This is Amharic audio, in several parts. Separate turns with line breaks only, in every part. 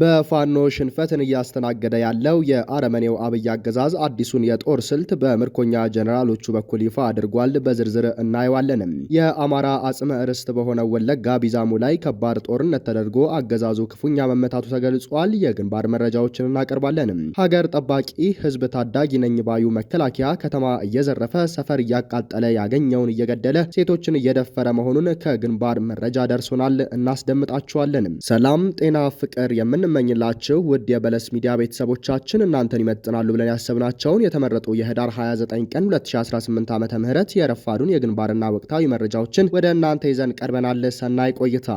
በፋኖ ሽንፈትን እያስተናገደ ያለው የአረመኔው አብይ አገዛዝ አዲሱን የጦር ስልት በምርኮኛ ጀኔራሎቹ በኩል ይፋ አድርጓል። በዝርዝር እናየዋለን። የአማራ አጽመ ርስት በሆነው ወለጋ ቢዛሙ ላይ ከባድ ጦርነት ተደርጎ አገዛዙ ክፉኛ መመታቱ ተገልጿል። የግንባር መረጃዎችን እናቀርባለን። ሀገር ጠባቂ ህዝብ ታዳጊ ነኝ ባዩ መከላከያ ከተማ እየዘረፈ ሰፈር እያቃጠለ ያገኘውን እየገደለ ሴቶችን እየደፈረ መሆኑን ከግንባር መረጃ ደርሶናል። እናስደምጣችኋለንም። ሰላም ጤና ፍቅር የምን የምንመኝላችሁ ውድ የበለስ ሚዲያ ቤተሰቦቻችን እናንተን ይመጥናሉ ብለን ያሰብናቸውን የተመረጡ የህዳር 29 ቀን 2018 ዓ ም የረፋዱን የግንባርና ወቅታዊ መረጃዎችን ወደ እናንተ ይዘን ቀርበናል። ሰናይ ቆይታ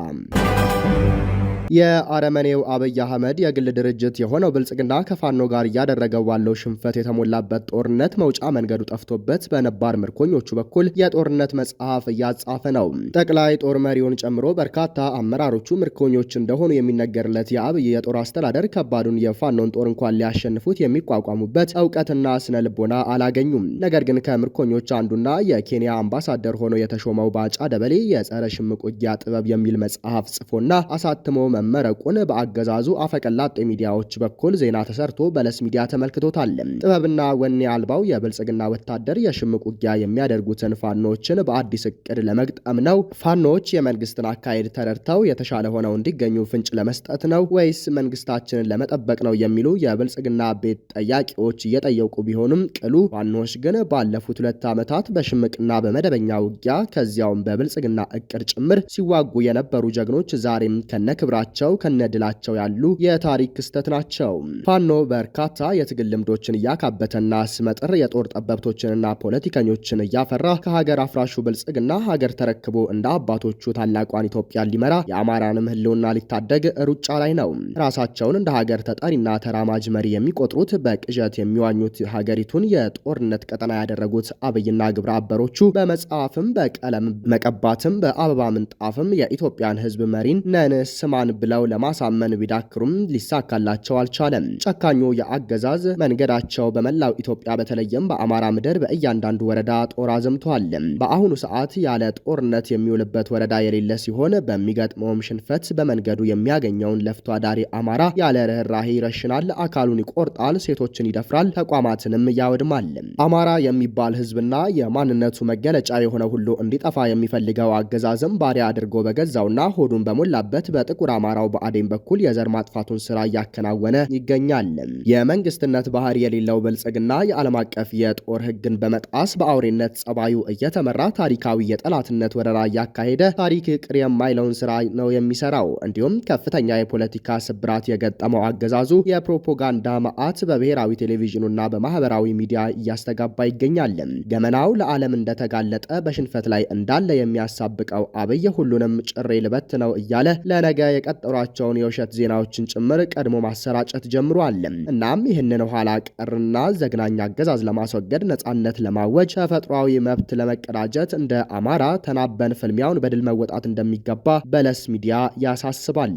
የአረመኔው አብይ አህመድ የግል ድርጅት የሆነው ብልጽግና ከፋኖ ጋር እያደረገው ባለው ሽንፈት የተሞላበት ጦርነት መውጫ መንገዱ ጠፍቶበት በነባር ምርኮኞቹ በኩል የጦርነት መጽሐፍ እያጻፈ ነው። ጠቅላይ ጦር መሪውን ጨምሮ በርካታ አመራሮቹ ምርኮኞች እንደሆኑ የሚነገርለት የአብይ የጦር አስተዳደር ከባዱን የፋኖን ጦር እንኳን ሊያሸንፉት የሚቋቋሙበት እውቀትና ስነ ልቦና አላገኙም። ነገር ግን ከምርኮኞች አንዱና የኬንያ አምባሳደር ሆኖ የተሾመው ባጫ ደበሌ የጸረ ሽምቅ ውጊያ ጥበብ የሚል መጽሐፍ ጽፎና አሳትሞ መመረቁን በአገዛዙ አፈቀላጤ ሚዲያዎች በኩል ዜና ተሰርቶ በለስ ሚዲያ ተመልክቶታል። ጥበብና ወኔ አልባው የብልጽግና ወታደር የሽምቅ ውጊያ የሚያደርጉትን ፋኖዎችን በአዲስ እቅድ ለመግጠም ነው። ፋኖዎች የመንግስትን አካሄድ ተረድተው የተሻለ ሆነው እንዲገኙ ፍንጭ ለመስጠት ነው ወይስ መንግስታችንን ለመጠበቅ ነው የሚሉ የብልጽግና ቤት ጠያቂዎች እየጠየቁ ቢሆንም ቅሉ ፋኖዎች ግን ባለፉት ሁለት ዓመታት በሽምቅና በመደበኛ ውጊያ ከዚያውም በብልጽግና እቅድ ጭምር ሲዋጉ የነበሩ ጀግኖች ዛሬም ከነክብራቸው ድላቸው ከነድላቸው ያሉ የታሪክ ክስተት ናቸው። ፋኖ በርካታ የትግል ልምዶችን እያካበተና ስመጥር የጦር ጠበብቶችንና ፖለቲከኞችን እያፈራ ከሀገር አፍራሹ ብልጽግና ሀገር ተረክቦ እንደ አባቶቹ ታላቋን ኢትዮጵያ ሊመራ የአማራንም ህልውና ሊታደግ ሩጫ ላይ ነው። ራሳቸውን እንደ ሀገር ተጠሪና ተራማጅ መሪ የሚቆጥሩት በቅዠት የሚዋኙት ሀገሪቱን የጦርነት ቀጠና ያደረጉት አብይና ግብረ አበሮቹ በመጽሐፍም በቀለም መቀባትም በአበባ ምንጣፍም የኢትዮጵያን ህዝብ መሪን ነን ስማን ብለው ለማሳመን ቢዳክሩም ሊሳካላቸው አልቻለም። ጨካኙ የአገዛዝ መንገዳቸው በመላው ኢትዮጵያ በተለይም በአማራ ምድር በእያንዳንዱ ወረዳ ጦር አዘምቷል። በአሁኑ ሰዓት ያለ ጦርነት የሚውልበት ወረዳ የሌለ ሲሆን በሚገጥመውም ሽንፈት በመንገዱ የሚያገኘውን ለፍቶ አዳሪ አማራ ያለ ርኅራሄ ይረሽናል፣ አካሉን ይቆርጣል፣ ሴቶችን ይደፍራል፣ ተቋማትንም ያወድማል። አማራ የሚባል ህዝብና የማንነቱ መገለጫ የሆነ ሁሉ እንዲጠፋ የሚፈልገው አገዛዝም ባሪያ አድርጎ በገዛውና ሆዱን በሞላበት በጥቁር በአማራው በአዴን በኩል የዘር ማጥፋቱን ስራ እያከናወነ ይገኛል። የመንግስትነት ባህር የሌለው ብልጽግና የዓለም አቀፍ የጦር ህግን በመጣስ በአውሬነት ጸባዩ እየተመራ ታሪካዊ የጠላትነት ወረራ እያካሄደ ታሪክ ቅር የማይለውን ስራ ነው የሚሰራው። እንዲሁም ከፍተኛ የፖለቲካ ስብራት የገጠመው አገዛዙ የፕሮፓጋንዳ መዓት በብሔራዊ ቴሌቪዥኑና በማህበራዊ ሚዲያ እያስተጋባ ይገኛል። ገመናው ለዓለም እንደተጋለጠ በሽንፈት ላይ እንዳለ የሚያሳብቀው አብይ ሁሉንም ጭሬ ልበት ነው እያለ ለነገ ያቀጠሯቸውን የውሸት ዜናዎችን ጭምር ቀድሞ ማሰራጨት ጀምሯል። እናም ይህንን ኋላ ቀርና ዘግናኝ አገዛዝ ለማስወገድ ነጻነት ለማወጅ ተፈጥሯዊ መብት ለመቀዳጀት እንደ አማራ ተናበን ፍልሚያውን በድል መወጣት እንደሚገባ በለስ ሚዲያ ያሳስባል።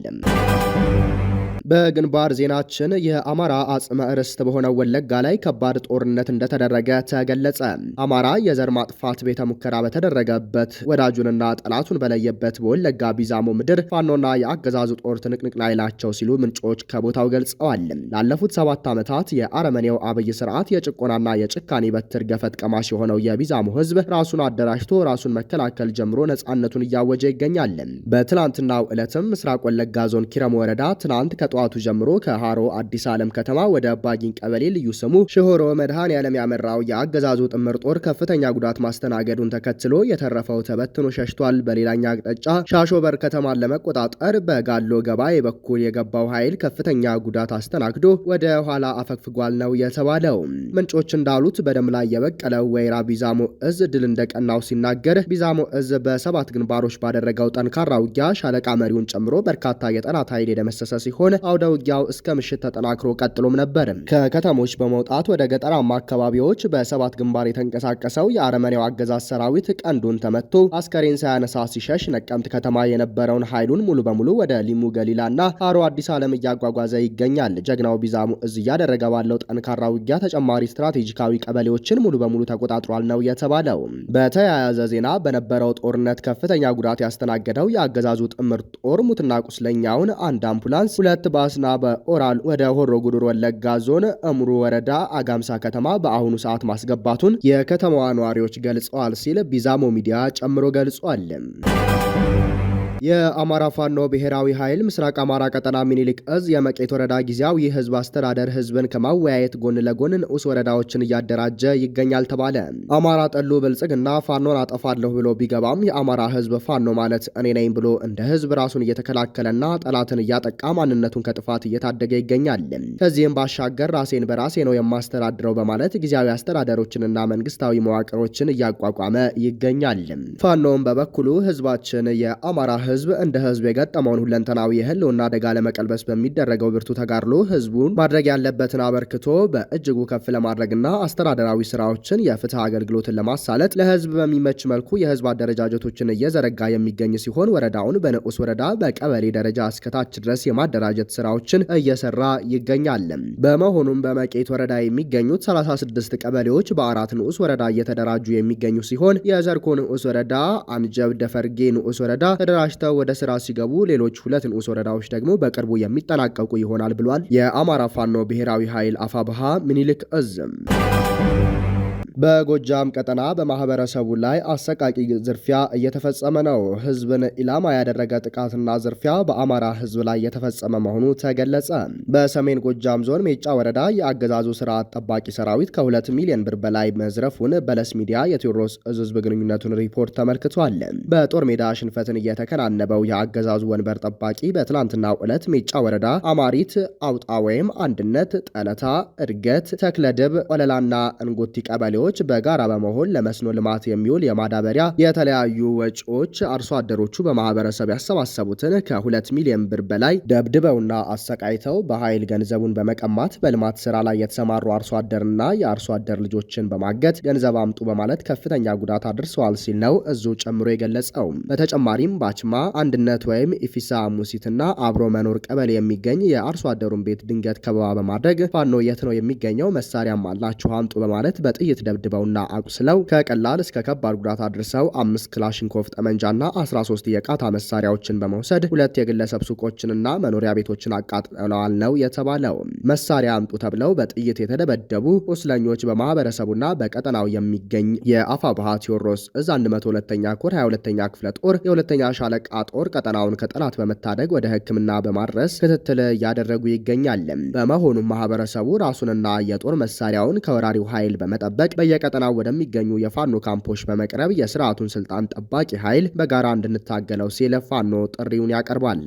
በግንባር ዜናችን የአማራ አጽመ ርስት በሆነው ወለጋ ላይ ከባድ ጦርነት እንደተደረገ ተገለጸ። አማራ የዘር ማጥፋት ቤተ ሙከራ በተደረገበት ወዳጁንና ጠላቱን በለየበት በወለጋ ቢዛሞ ምድር ፋኖና የአገዛዙ ጦር ትንቅንቅ ላይ ናቸው ሲሉ ምንጮች ከቦታው ገልጸዋል። ላለፉት ሰባት ዓመታት የአረመኔው አብይ ስርዓት የጭቆናና የጭካኔ በትር ገፈት ቀማሽ የሆነው የቢዛሞ ህዝብ ራሱን አደራጅቶ ራሱን መከላከል ጀምሮ ነጻነቱን እያወጀ ይገኛል። በትላንትናው ዕለትም ምስራቅ ወለጋ ዞን ኪረም ወረዳ ትናንት ከ ከጠዋቱ ጀምሮ ከሃሮ አዲስ ዓለም ከተማ ወደ አባጊን ቀበሌ ልዩ ስሙ ሽሆሮ መድሃን ያለም ያመራው የአገዛዙ ጥምር ጦር ከፍተኛ ጉዳት ማስተናገዱን ተከትሎ የተረፈው ተበትኖ ሸሽቷል። በሌላኛ አቅጣጫ ሻሾበር ከተማን ለመቆጣጠር በጋሎ ገባኤ በኩል የገባው ኃይል ከፍተኛ ጉዳት አስተናግዶ ወደ ኋላ አፈግፍጓል ነው የተባለው። ምንጮች እንዳሉት በደም ላይ የበቀለው ወይራ ቢዛሞ እዝ ድል እንደቀናው ሲናገር፣ ቢዛሞ እዝ በሰባት ግንባሮች ባደረገው ጠንካራ ውጊያ ሻለቃ መሪውን ጨምሮ በርካታ የጠላት ኃይል የደመሰሰ ሲሆን አውደ ውጊያው እስከ ምሽት ተጠናክሮ ቀጥሎም ነበር። ከከተሞች በመውጣት ወደ ገጠራማ አካባቢዎች በሰባት ግንባር የተንቀሳቀሰው የአረመኔው አገዛዝ ሰራዊት ቀንዱን ተመቶ አስከሬን ሳያነሳ ሲሸሽ ነቀምት ከተማ የነበረውን ኃይሉን ሙሉ በሙሉ ወደ ሊሙ ገሊላና አሮ አዲስ ዓለም እያጓጓዘ ይገኛል። ጀግናው ቢዛሙ እዝ እያደረገ ባለው ጠንካራ ውጊያ ተጨማሪ ስትራቴጂካዊ ቀበሌዎችን ሙሉ በሙሉ ተቆጣጥሯል ነው የተባለው። በተያያዘ ዜና በነበረው ጦርነት ከፍተኛ ጉዳት ያስተናገደው የአገዛዙ ጥምር ጦር ሙትና ቁስለኛውን፣ አንድ አምቡላንስ፣ ሁለት በአስናበ በኦራል ወደ ሆሮ ጉዱር ወለጋ ዞን እምሩ ወረዳ አጋምሳ ከተማ በአሁኑ ሰዓት ማስገባቱን የከተማዋ ነዋሪዎች ገልጸዋል ሲል ቢዛሞ ሚዲያ ጨምሮ ገልጿል። የአማራ ፋኖ ብሔራዊ ኃይል ምስራቅ አማራ ቀጠና ሚኒሊክ እዝ የመቄት ወረዳ ጊዜያዊ የህዝብ አስተዳደር ህዝብን ከማወያየት ጎን ለጎን ንዑስ ወረዳዎችን እያደራጀ ይገኛል ተባለ። አማራ ጠሉ ብልጽግና ፋኖን አጠፋለሁ ብሎ ቢገባም የአማራ ህዝብ ፋኖ ማለት እኔ ነኝ ብሎ እንደ ህዝብ ራሱን እየተከላከለና ጠላትን እያጠቃ ማንነቱን ከጥፋት እየታደገ ይገኛል። ከዚህም ባሻገር ራሴን በራሴ ነው የማስተዳድረው በማለት ጊዜያዊ አስተዳደሮችንና መንግስታዊ መዋቅሮችን እያቋቋመ ይገኛል። ፋኖም በበኩሉ ህዝባችን የአማራ ህዝብ እንደ ህዝብ የገጠመውን ሁለንተናዊ የህልውና አደጋ ለመቀልበስ በሚደረገው ብርቱ ተጋድሎ ህዝቡን ማድረግ ያለበትን አበርክቶ በእጅጉ ከፍ ለማድረግና አስተዳደራዊ ስራዎችን፣ የፍትህ አገልግሎትን ለማሳለጥ ለህዝብ በሚመች መልኩ የህዝብ አደረጃጀቶችን እየዘረጋ የሚገኝ ሲሆን ወረዳውን በንዑስ ወረዳ በቀበሌ ደረጃ እስከታች ድረስ የማደራጀት ስራዎችን እየሰራ ይገኛል። በመሆኑም በመቄት ወረዳ የሚገኙት 36 ቀበሌዎች በአራት ንዑስ ወረዳ እየተደራጁ የሚገኙ ሲሆን የዘርኮ ንዑስ ወረዳ፣ አንጀብ ደፈርጌ ንዑስ ወረዳ ተደራጅተ ተሳክተው ወደ ስራ ሲገቡ ሌሎች ሁለት ንዑስ ወረዳዎች ደግሞ በቅርቡ የሚጠናቀቁ ይሆናል ብሏል። የአማራ ፋኖ ብሔራዊ ኃይል አፋብሃ ምኒልክ እዝም በጎጃም ቀጠና በማህበረሰቡ ላይ አሰቃቂ ዝርፊያ እየተፈጸመ ነው። ህዝብን ኢላማ ያደረገ ጥቃትና ዝርፊያ በአማራ ህዝብ ላይ የተፈጸመ መሆኑ ተገለጸ። በሰሜን ጎጃም ዞን ሜጫ ወረዳ የአገዛዙ ስርዓት ጠባቂ ሰራዊት ከሁለት ሚሊዮን ብር በላይ መዝረፉን በለስ ሚዲያ የቴዎድሮስ እዝ ህዝብ ግንኙነቱን ሪፖርት ተመልክቷል። በጦር ሜዳ ሽንፈትን እየተከናነበው የአገዛዙ ወንበር ጠባቂ በትላንትናው ዕለት ሜጫ ወረዳ አማሪት አውጣ ወይም አንድነት፣ ጠለታ፣ እድገት፣ ተክለድብ፣ ቆለላና እንጎቲ ቀበሌ። ነጋዴዎች በጋራ በመሆን ለመስኖ ልማት የሚውል የማዳበሪያ የተለያዩ ወጪዎች አርሶ አደሮቹ በማህበረሰብ ያሰባሰቡትን ከሁለት ሚሊዮን ብር በላይ ደብድበውና አሰቃይተው በኃይል ገንዘቡን በመቀማት በልማት ስራ ላይ የተሰማሩ አርሶ አደርና የአርሶ አደር ልጆችን በማገት ገንዘብ አምጡ በማለት ከፍተኛ ጉዳት አድርሰዋል ሲል ነው እዙ ጨምሮ የገለጸው። በተጨማሪም ባችማ አንድነት ወይም ኢፊሳ ሙሲትና አብሮ መኖር ቀበሌ የሚገኝ የአርሶ አደሩን ቤት ድንገት ከበባ በማድረግ ፋኖ የት ነው የሚገኘው? መሳሪያም አላችሁ አምጡ በማለት በጥይት ደብድበውና አቁስለው ከቀላል እስከ ከባድ ጉዳት አድርሰው አምስት ክላሽንኮቭ ጠመንጃና 13 የቃታ መሳሪያዎችን በመውሰድ ሁለት የግለሰብ ሱቆችንና መኖሪያ ቤቶችን አቃጥለዋል ነው የተባለው። መሳሪያ አምጡ ተብለው በጥይት የተደበደቡ ቁስለኞች በማህበረሰቡና በቀጠናው የሚገኝ የአፋብሃ ቴዎድሮስ እዝ 102ኛ ኮር 22ኛ ክፍለ ጦር የሁለተኛ ሻለቃ ጦር ቀጠናውን ከጠላት በመታደግ ወደ ሕክምና በማድረስ ክትትል እያደረጉ ይገኛል። በመሆኑም ማህበረሰቡ ራሱንና የጦር መሳሪያውን ከወራሪው ኃይል በመጠበቅ በየቀጠናው ወደሚገኙ የፋኖ ካምፖች በመቅረብ የስርዓቱን ስልጣን ጠባቂ ኃይል በጋራ እንድንታገለው ሲል ፋኖ ጥሪውን ያቀርባል።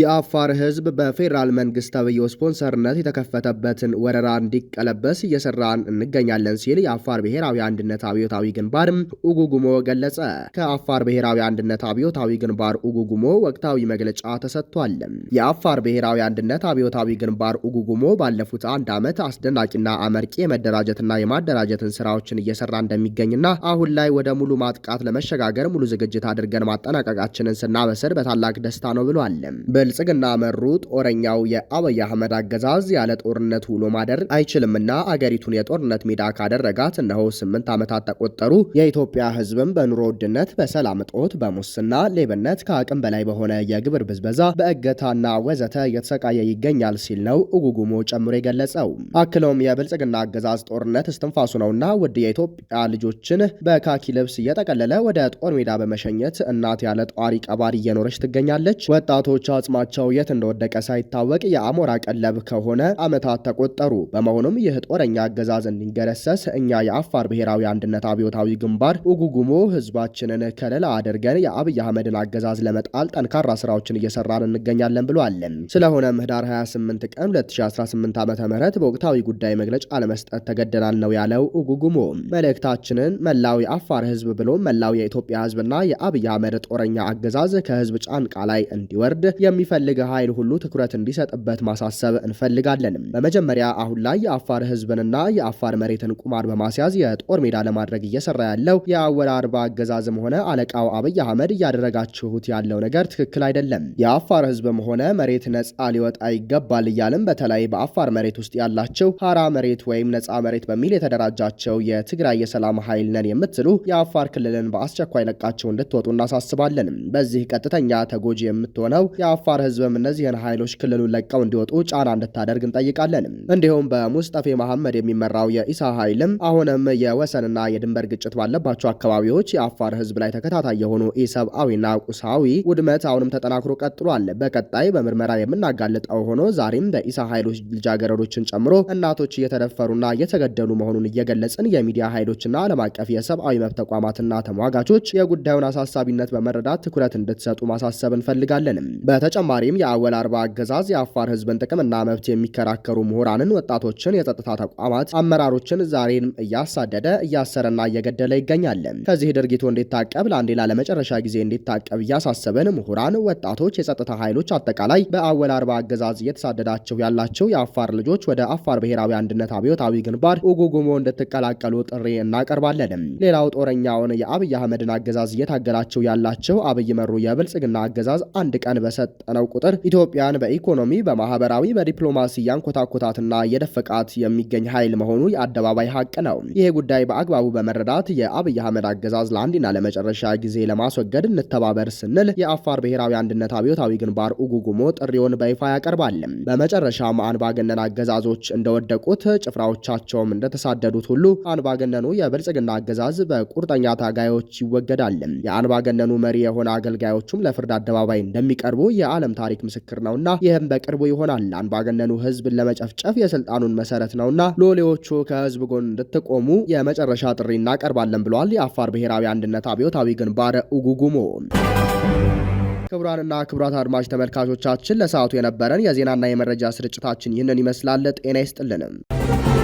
የአፋር ህዝብ በፌዴራል መንግስታዊ ስፖንሰርነት የተከፈተበትን ወረራ እንዲቀለበስ እየሰራን እንገኛለን ሲል የአፋር ብሔራዊ አንድነት አብዮታዊ ግንባር ኡጉጉሞ ገለጸ። ከአፋር ብሔራዊ አንድነት አብዮታዊ ግንባር ኡጉጉሞ ወቅታዊ መግለጫ ተሰጥቷል። የአፋር ብሔራዊ አንድነት አብዮታዊ ግንባር ኡጉጉሞ ባለፉት አንድ ዓመት አስደናቂና አመርቂ የመደራጀትና የማደራጀትን ስራዎችን እየሰራ እንደሚገኝና አሁን ላይ ወደ ሙሉ ማጥቃት ለመሸጋገር ሙሉ ዝግጅት አድርገን ማጠናቀቃችንን ስናበስር በታላቅ ደስታ ነው ብሏል። ብልጽግና መሩ ጦረኛው የአብይ አህመድ አገዛዝ ያለ ጦርነት ውሎ ማደር አይችልምና አገሪቱን የጦርነት ሜዳ ካደረጋት እነሆ ስምንት ዓመታት ተቆጠሩ። የኢትዮጵያ ህዝብም በኑሮ ውድነት፣ በሰላም እጦት፣ በሙስና ሌብነት፣ ከአቅም በላይ በሆነ የግብር ብዝበዛ፣ በእገታና ወዘተ እየተሰቃየ ይገኛል ሲል ነው እጉጉሞ ጨምሮ የገለጸው። አክለውም የብልጽግና አገዛዝ ጦርነት እስትንፋሱ ነውና ውድ የኢትዮጵያ ልጆችን በካኪ ልብስ እየጠቀለለ ወደ ጦር ሜዳ በመሸኘት እናት ያለ ጧሪ ቀባሪ እየኖረች ትገኛለች። ወጣቶች አጽማቸው የት እንደወደቀ ሳይታወቅ የአሞራ ቀለብ ከሆነ ዓመታት ተቆጠሩ። በመሆኑም ይህ ጦረኛ አገዛዝ እንዲገረሰስ እኛ የአፋር ብሔራዊ አንድነት አብዮታዊ ግንባር ውጉጉሞ ህዝባችንን ከለላ አድርገን የአብይ አህመድን አገዛዝ ለመጣል ጠንካራ ስራዎችን እየሰራን እንገኛለን ብሏል። ስለሆነም ህዳር 28 ቀን 2018 ዓ ም በወቅታዊ ጉዳይ መግለጫ ለመስጠት ተገደናል ነው ያለው ውጉጉሞ። መልእክታችንን መላው የአፋር ህዝብ ብሎ መላው የኢትዮጵያ ህዝብና የአብይ አህመድ ጦረኛ አገዛዝ ከህዝብ ጫንቃ ላይ እንዲወርድ የሚፈልገ ኃይል ሁሉ ትኩረት እንዲሰጥበት ማሳሰብ እንፈልጋለን። በመጀመሪያ አሁን ላይ የአፋር ህዝብንና የአፋር መሬትን ቁማር በማስያዝ የጦር ሜዳ ለማድረግ እየሰራ ያለው የአወል አርባ አገዛዝም ሆነ አለቃው አብይ አህመድ እያደረጋችሁት ያለው ነገር ትክክል አይደለም። የአፋር ህዝብም ሆነ መሬት ነፃ ሊወጣ ይገባል እያልም በተለይ በአፋር መሬት ውስጥ ያላቸው ሀራ መሬት ወይም ነፃ መሬት በሚል የተደራጃቸው የትግራይ የሰላም ኃይል ነን የምትሉ የአፋር ክልልን በአስቸኳይ ለቃቸው እንድትወጡ እናሳስባለን። በዚህ ቀጥተኛ ተጎጂ የምትሆነው የአፋር የአፋር ህዝብም እነዚህን ኃይሎች ክልሉን ለቀው እንዲወጡ ጫና እንድታደርግ እንጠይቃለን። እንዲሁም በሙስጠፌ መሐመድ የሚመራው የኢሳ ኃይልም አሁንም የወሰንና የድንበር ግጭት ባለባቸው አካባቢዎች የአፋር ህዝብ ላይ ተከታታይ የሆኑ ኢሰብአዊና ቁሳዊ ውድመት አሁንም ተጠናክሮ ቀጥሏል። በቀጣይ በምርመራ የምናጋልጠው ሆኖ ዛሬም በኢሳ ኃይሎች ልጃገረዶችን ጨምሮ እናቶች እየተደፈሩና እየተገደሉ መሆኑን እየገለጽን የሚዲያ ኃይሎችና ዓለም አቀፍ የሰብአዊ መብት ተቋማትና ተሟጋቾች የጉዳዩን አሳሳቢነት በመረዳት ትኩረት እንድትሰጡ ማሳሰብ እንፈልጋለንም። በተጨማሪም የአወል አርባ አገዛዝ የአፋር ህዝብን ጥቅምና መብት የሚከራከሩ ምሁራንን፣ ወጣቶችን፣ የጸጥታ ተቋማት አመራሮችን ዛሬን እያሳደደ እያሰረና እየገደለ ይገኛል። ከዚህ ድርጊቱ እንዲታቀብ ለአንዴ ለመጨረሻ ጊዜ እንዲታቀብ እያሳሰበን ምሁራን፣ ወጣቶች፣ የጸጥታ ኃይሎች አጠቃላይ በአወል አርባ አገዛዝ እየተሳደዳቸው ያላቸው የአፋር ልጆች ወደ አፋር ብሔራዊ አንድነት አብዮታዊ ግንባር ኡጉጉሞ እንድትቀላቀሉ ጥሪ እናቀርባለን። ሌላው ጦረኛውን የአብይ አህመድን አገዛዝ እየታገላቸው ያላቸው አብይ መሩ የብልጽግና አገዛዝ አንድ ቀን በሰጥ በሰለጠነው ቁጥር ኢትዮጵያን በኢኮኖሚ በማህበራዊ፣ በዲፕሎማሲ ያንኮታኮታትና የደፈቃት የሚገኝ ኃይል መሆኑ የአደባባይ ሀቅ ነው። ይሄ ጉዳይ በአግባቡ በመረዳት የአብይ አህመድ አገዛዝ ለአንድና ለመጨረሻ ጊዜ ለማስወገድ እንተባበር ስንል የአፋር ብሔራዊ አንድነት አብዮታዊ ግንባር ኡጉጉሞ ጥሪውን በይፋ ያቀርባል። በመጨረሻም አንባገነን አገዛዞች እንደወደቁት ጭፍራዎቻቸውም እንደተሳደዱት ሁሉ አንባገነኑ የብልጽግና አገዛዝ በቁርጠኛ ታጋዮች ይወገዳል። የአንባገነኑ መሪ የሆነ አገልጋዮቹም ለፍርድ አደባባይ እንደሚቀርቡ የዓለም ታሪክ ምስክር ነውና ይህም በቅርቡ ይሆናል። አምባገነኑ ህዝብን ለመጨፍጨፍ የስልጣኑን መሰረት ነውና ሎሌዎቹ ከህዝብ ጎን እንድትቆሙ የመጨረሻ ጥሪ እናቀርባለን ብለዋል። የአፋር ብሔራዊ አንድነት አብዮታዊ ግንባር ኡጉጉሞ። ክቡራንና ክቡራት አድማጭ ተመልካቾቻችን ለሰዓቱ የነበረን የዜናና የመረጃ ስርጭታችን ይህንን ይመስላል። ጤና ይስጥልንም።